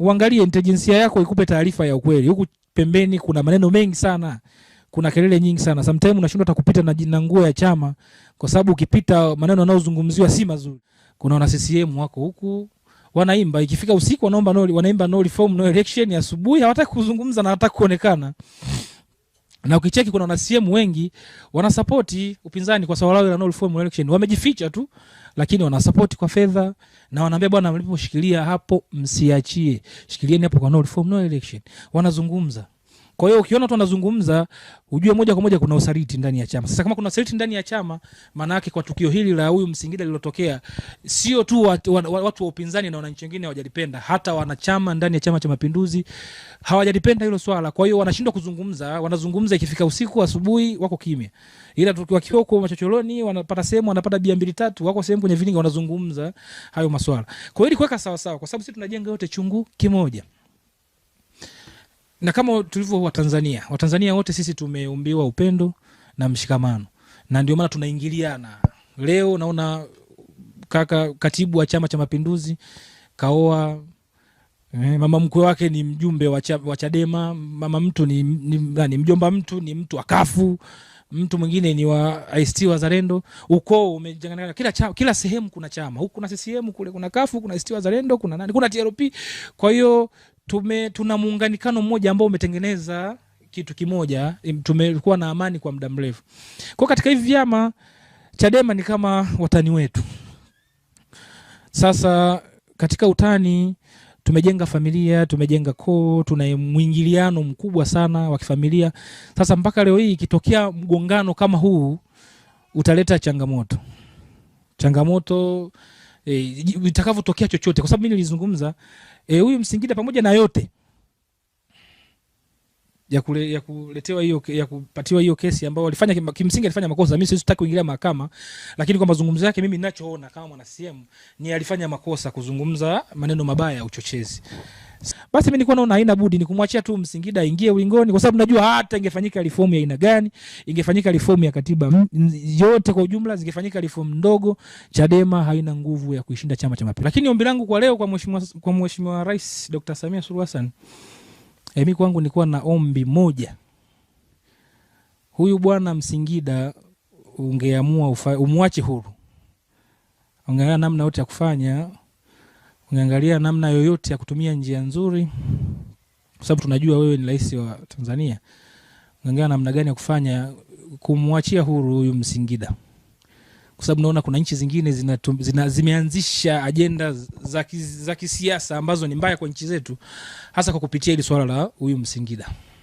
uangalie intelijensia yako ikupe taarifa ya ukweli. Huku pembeni kuna maneno mengi sana, kuna kelele nyingi sana, sometimes unashindwa hata kupita na jina nguo ya chama, kwa sababu ukipita maneno yanayozungumziwa si mazuri. Kuna wana CCM wako huku wanaimba, ikifika usiku wanaomba no, wanaimba no reform no election, asubuhi hawataki kuzungumza na hawataki kuonekana na ukicheki kuna wanacm wengi wanasapoti upinzani kwa sababu la no reform election wamejificha tu, lakini wanasapoti kwa fedha na wanaambia bwana, mliposhikilia hapo msiachie, shikilieni hapo kwa no reform no election. Wanazungumza kwa hiyo ukiona watu wanazungumza, ujue moja kwa moja kuna usaliti ndani ya chama. Sasa kama kuna usaliti ndani ya chama, maana yake kwa tukio hili la huyu Msingida lilotokea, sio tu watu, wa upinzani na wananchi wengine hawajalipenda, hata wanachama ndani ya Chama cha Mapinduzi hawajalipenda hilo swala. Kwa hiyo wanashindwa kuzungumza, wanazungumza ikifika usiku, asubuhi wako kimya, ila wakiwa huko machochoroni wanapata sehemu, wanapata bia mbili tatu, wako sehemu kwenye vilinga wanazungumza hayo maswala. Kwa hiyo ili kuweka sawasawa, kwa sababu sisi tunajenga yote chungu kimoja na kama tulivyo Watanzania, Watanzania wote sisi tumeumbiwa upendo na mshikamano, na ndio maana tunaingiliana. Leo naona kaka katibu wa Chama cha Mapinduzi kaoa eh, mama mkwe wake ni mjumbe wa Chadema, mama mtu ni, ni, ni mjomba mtu ni mtu akafu mtu mwingine ni wa ICT Wazalendo, ukoo umejangana kila kila sehemu kuna chama huku, kuna CCM kule, kuna kafu, kuna ICT Wazalendo, kuna nani, kuna trp Kwa hiyo tume, tuna muunganikano mmoja ambao umetengeneza kitu kimoja, tumekuwa na amani kwa muda mrefu. Kwa katika hivi vyama Chadema ni kama watani wetu. Sasa katika utani tumejenga familia, tumejenga koo, tuna mwingiliano mkubwa sana wa kifamilia. Sasa mpaka leo hii ikitokea mgongano kama huu utaleta changamoto, changamoto e, eh, itakavyotokea chochote, kwa sababu mi nilizungumza eh, huyu Msingida pamoja na yote ya, kule, ya kuletewa hiyo ya kupatiwa hiyo kesi ambayo alifanya kimsingi, alifanya makosa. Mimi sitaki kuingilia mahakama, lakini kwa mazungumzo yake mimi ninachoona kama mwana CCM ni alifanya makosa kuzungumza maneno mabaya ya uchochezi. Basi mimi nilikuwa naona haina budi ni kumwachia tu Msingida ingie ulingoni, kwa sababu najua hata ingefanyika reform ya aina gani, ingefanyika reform ya katiba yote kwa ujumla, zingefanyika reform ndogo, Chadema haina nguvu ya kuishinda Chama cha Mapinduzi. Lakini ombi langu kwa leo kwa mheshimiwa kwa mheshimiwa Rais Dr. Samia Suluhu Hassan, eh, mimi kwangu nilikuwa na ombi moja, huyu bwana Msingida ungeamua umwache huru, angalia namna yote ya kufanya ungeangalia namna yoyote ya kutumia njia nzuri, kwa sababu tunajua wewe ni rais wa Tanzania, ungeangalia namna gani ya kufanya kumwachia huru huyu Msingida, kwa sababu naona kuna nchi zingine zina, zina, zimeanzisha ajenda za kisiasa ambazo ni mbaya kwa nchi zetu, hasa kwa kupitia hili swala la huyu Msingida.